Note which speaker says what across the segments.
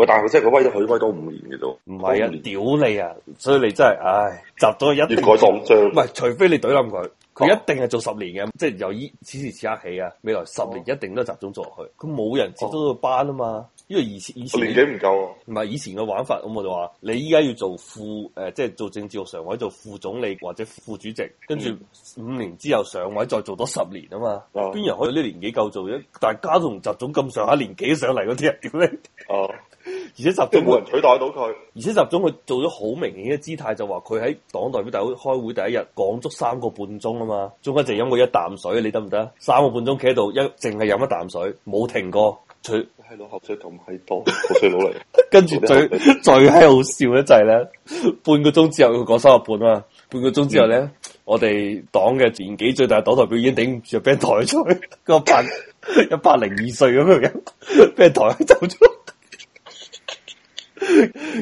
Speaker 1: 佢但係即係佢威咗佢威多五年嘅都，唔係啊不屌你啊！所以你真係唉，習總一定改黨章，唔係，除非你懟冧佢，佢、啊、一定係做十年嘅，即係由依此時此刻起啊，未來十年一定都係習總做落去。佢冇、哦、人接得到班啊嘛，因為以前以前年紀唔夠、啊，唔係以前嘅玩法，咁我就話你依家要做副誒，即、呃、係、就是、做政治局常委做副總理或者副主席，跟住五年之後上位再做多十年啊嘛，邊、嗯嗯、人可以呢年紀夠做啫？但係家同習總咁上下年紀上嚟嗰啲係點咧？哦、嗯。 而且集中冇
Speaker 2: 人取代
Speaker 1: 到佢，而且集中佢做咗好明顯嘅姿態，就話佢喺黨代表大會開會第一日講足三個半鐘啊嘛，中間就飲過一啖水，你得唔得？三個半鐘企喺度，一淨係飲一啖水，冇停過。佢係攞合水同喺度，口水佬嚟。 跟住最 最喺度笑就制、是、咧，半個鐘之後佢講三個半啊，半個鐘之後咧，嗯、我哋黨嘅年紀最大嘅黨代表已經頂唔住，俾人抬咗去，那個百一百零二歲咁樣，俾人抬走咗。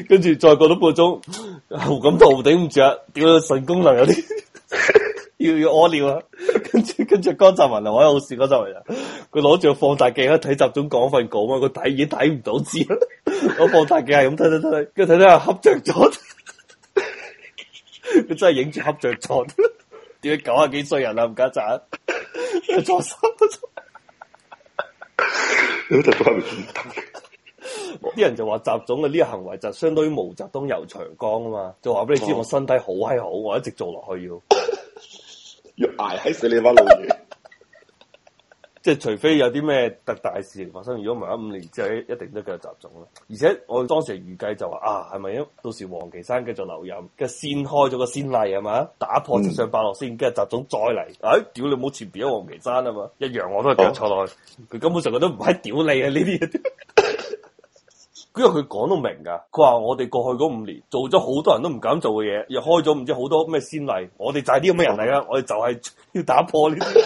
Speaker 1: 跟住再過多半個鐘，胡錦濤頂唔住啊！點解腎功能有啲要要屙尿啊？跟住跟住江澤民啊，我好試江咗一日，佢攞住個放大鏡去睇集中講份稿啊，佢睇已經睇唔到字啦。我放大鏡係咁睇睇睇，跟住睇睇下恰着咗，佢真係影住恰着咗。點解九啊幾歲人啦？唔家集，
Speaker 2: 佢左手，你睇到
Speaker 1: 啲人就話習總嘅呢個行為就相當於毛澤東游長江啊嘛，就話俾你知我身體好係好，我一直做落去要，
Speaker 2: 要捱喺死你把老魚，
Speaker 1: 即係除非有啲咩特大事情發生，如果唔係五年之後一定都叫習總啦。而且我當時預計就話啊，係咪到時王岐山繼續留任，嘅先開咗個先例係嘛，打破直上八落先，跟住習總再嚟，哎，屌你冇前邊咗王岐山啊嘛，一樣我都係講落去，佢、哦、根本上佢都唔係屌你啊呢啲。因為佢講到明噶，佢話我哋過去嗰五年做咗好多人都唔敢做嘅嘢，又開咗唔知好多咩先例，我哋就係啲咁嘅人嚟啦，我哋就係要打破呢啲。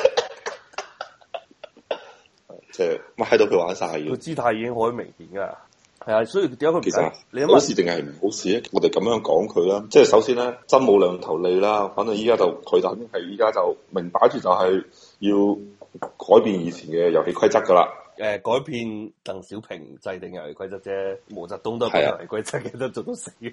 Speaker 2: 即係，我喺度佢玩晒，佢姿態已經好明顯噶，係啊， 所以點解咁其實你諗下，好事定係唔好事咧？我哋咁樣講佢啦，即係首先咧，真冇兩頭利啦。反正依家就佢就肯定係依家就明擺住就係要改變以前嘅遊戲，戲規則噶啦。
Speaker 1: 誒，改變鄧小平制定嘅遊戲規則啫，毛澤東都係遊戲規則嘅，都做到死。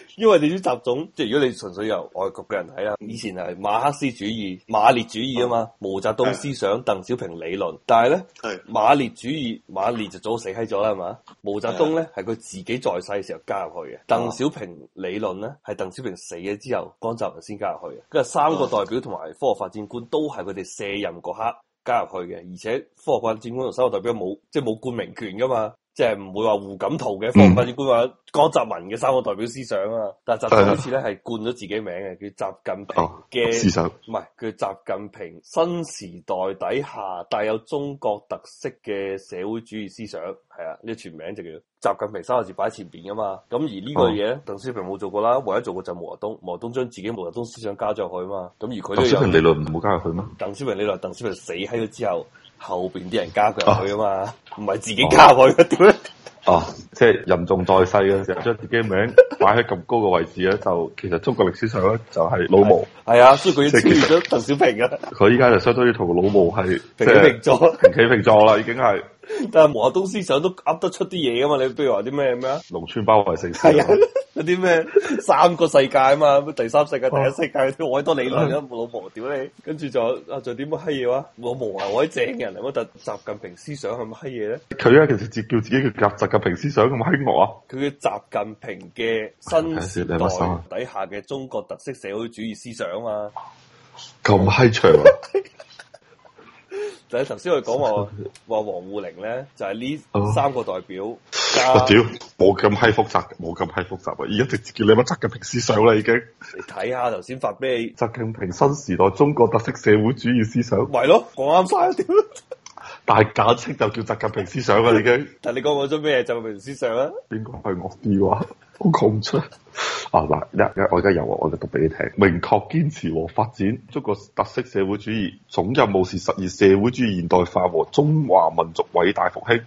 Speaker 1: 因為你啲雜種，即係如果你純粹由外國嘅人睇啦，以前係馬克思主義、馬列主義啊嘛，毛澤東思想、鄧的小平理論。但係咧，係的馬列主義、馬列就早死喺咗啦，係嘛？毛澤東咧係佢自己在世嘅時候加入去嘅，鄧的小平理論咧係鄧小平死咗之後，江澤民先加入去嘅。跟住三個代表同埋科學發展觀都係佢哋卸任嗰刻，加入去嘅，而且科學發展觀同三個代表冇，即係冇冠名權噶嘛。即係唔會話胡錦濤嘅，方法、嗯，亦都話江澤民嘅三個代表思想啊。但係習近平似咧係冠咗自己名嘅，叫習近平嘅思想，唔係、哦、叫習近平新時代底下帶有中國特色嘅社會主義思想，係啊，呢個全名就叫習近平三個字擺喺前邊噶嘛。咁而個呢類嘢，鄧、哦、小平冇做過啦，唯一做過就毛澤東，毛澤東將自己毛澤東思想加咗去嘛。咁而佢，咁所以理論唔冇加去咩？鄧小平理論，鄧小平死喺咗之後。後邊啲人加佢入去啊嘛，唔係、啊、自己
Speaker 2: 加佢。嘅點咧？哦，即係人仲在世啊，成日將自己名擺喺咁高嘅位置啊，就，是、就其實中國歷史上咧就係老毛係啊，所以佢超越咗鄧小平啊。佢依家就相當於同老毛係、就是、平起平坐，平起平坐啦，已經係。 但係毛澤東
Speaker 1: 思想都噏得出啲嘢噶嘛。你不如話啲咩咩啊？
Speaker 2: 農村包圍城市。
Speaker 1: 嗰啲咩三個世界啊嘛，第三世界、啊、第一世界嗰啲好多理論啦，冇老毛屌你，跟住就啊，仲有啲乜閪嘢話冇毛啊，我啲正人嚟，乜特習近平思想咁乜閪嘢咧？
Speaker 2: 佢啊，其實直叫自己叫習習近平思想咁閪惡啊！
Speaker 1: 佢嘅習近平嘅新時代底下嘅中國特色社會主義思想啊嘛，
Speaker 2: 咁閪長。就
Speaker 1: 係頭先我講話話王滬寧咧，就係呢三個代表。啊
Speaker 2: 我屌，冇咁閪複雜，冇咁閪複雜啊！而家直接叫你乜習近平思想啦，已經你睇下頭先發咩？習近平新時代中國特色社會主義思想，咪咯，講啱晒啊！屌， 但係簡稱就叫習近平思想啦， 已經。
Speaker 1: 但你講講咗咩習近平思想 啊？
Speaker 2: 邊個係我啲話？我講唔出。啊嗱，一一我而家有，我哋讀俾你聽。明確堅持和發展中國特色社會主義，總任務是實現社會主義現代化和中華民族偉大復興。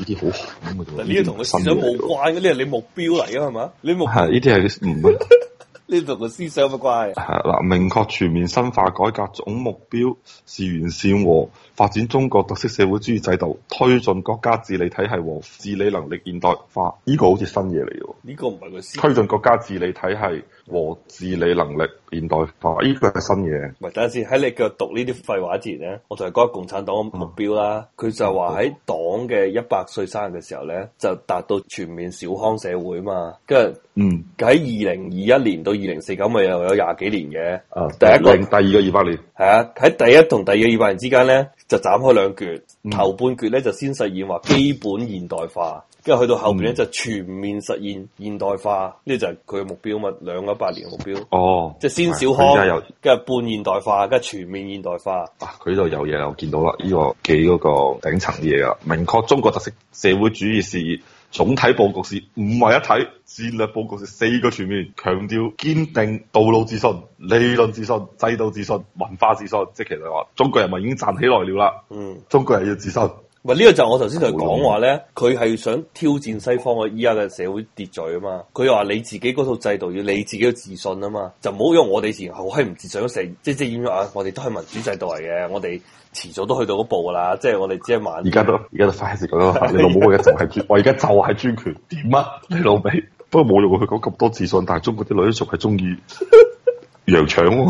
Speaker 2: 呢啲好
Speaker 1: 紅嘅都，呢啲同佢思想冇關
Speaker 2: 嘅，呢係 你，你目標嚟嘅係嘛？你目係呢
Speaker 1: 啲係唔呢度個思想有乜關係。
Speaker 2: 係嗱 明確全面深化改革總目標是完善和發展中國特色社會主義制度，推進國家治理體系和治理能力現代化。呢、這個好似新嘢嚟嘅。呢個唔係佢。推進國家治理體系和治理能力現代化，呢個係新嘢。唔
Speaker 1: 係等下先喺你腳讀呢啲廢話之前咧，我就係講共產黨目標啦。佢、嗯、就話喺黨嘅一百歲生日嘅時候咧，就達到全面小康社會嘛。跟住、嗯嗯，嗯，喺二零二一年到二零四九咪又有廿幾年嘅。啊，第一個，
Speaker 2: 第二個二百年，
Speaker 1: 係啊，喺第一同第二個二百年之間咧，就斬開兩橛，嗯、頭半橛咧就先實現話基本現代化。跟住去到後面，咧，就全面實現現代化，呢、嗯、就係佢嘅目標嘛。兩個一百年嘅目標，哦，即係先小康，跟住半現代化，跟住全面現代
Speaker 2: 化。啊，佢呢度有嘢，我見到啦，呢、這個幾嗰個頂層嘅嘢啦。明確中國特色社會主義事業總體布局是五位一體，戰略布局是四個全面，強調堅定道路自信、理論自信、制度自信、文化自信，即係其實話，中國人民已經站起來了啦。嗯，中國人要自信。唔呢個就我頭先同佢講話咧，
Speaker 1: 佢係想挑戰西方嘅依家嘅社會秩序啊嘛。佢又話你自己嗰套制度要你自己自信啊嘛，就唔好用我哋以前好閪唔自信成，即係即係點啊？我哋都係民主制度嚟嘅，我哋遲早都去到嗰步噶啦。即係我哋只係話而家都而家都快啲咁咯。你老母，就是、 我而家就
Speaker 2: 係專，我而家就係專權點啊？ 你老味，不過冇用佢講咁多自信，但係中國啲女仲係中意。 羊腸咯，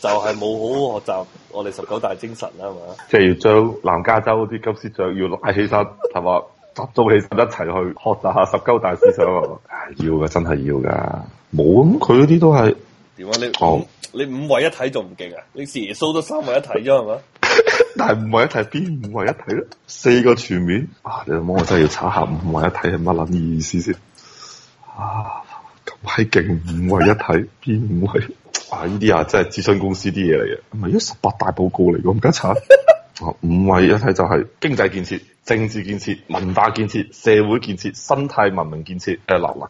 Speaker 2: 就係冇好，好學習我哋十九大精神啦，係嘛？即係要將南加州嗰啲金絲雀要拉起身，係嘛？集中起身一齊去學習下十九大思想 的的啊！要噶，真係要噶，冇咁佢嗰啲都係點啊？你五、oh.
Speaker 1: 你五位一體仲唔勁啊？你耶穌都三圍一
Speaker 2: 體三位一體咗係嘛？ 但五位一體邊五位一體咧？ 四個全面啊！你想想我真係要查下五位一體係乜捻意思先啊？咁閪勁五位一體邊五位？ 啊！呢啲啊，即係諮詢公司啲嘢嚟嘅，唔係一十八大報告嚟嘅，唔該查。五位一體就係、是、經濟建設、政治建設、文化建設、社會建設、生態文明建設，誒、呃，嗱、呃、嗱。呃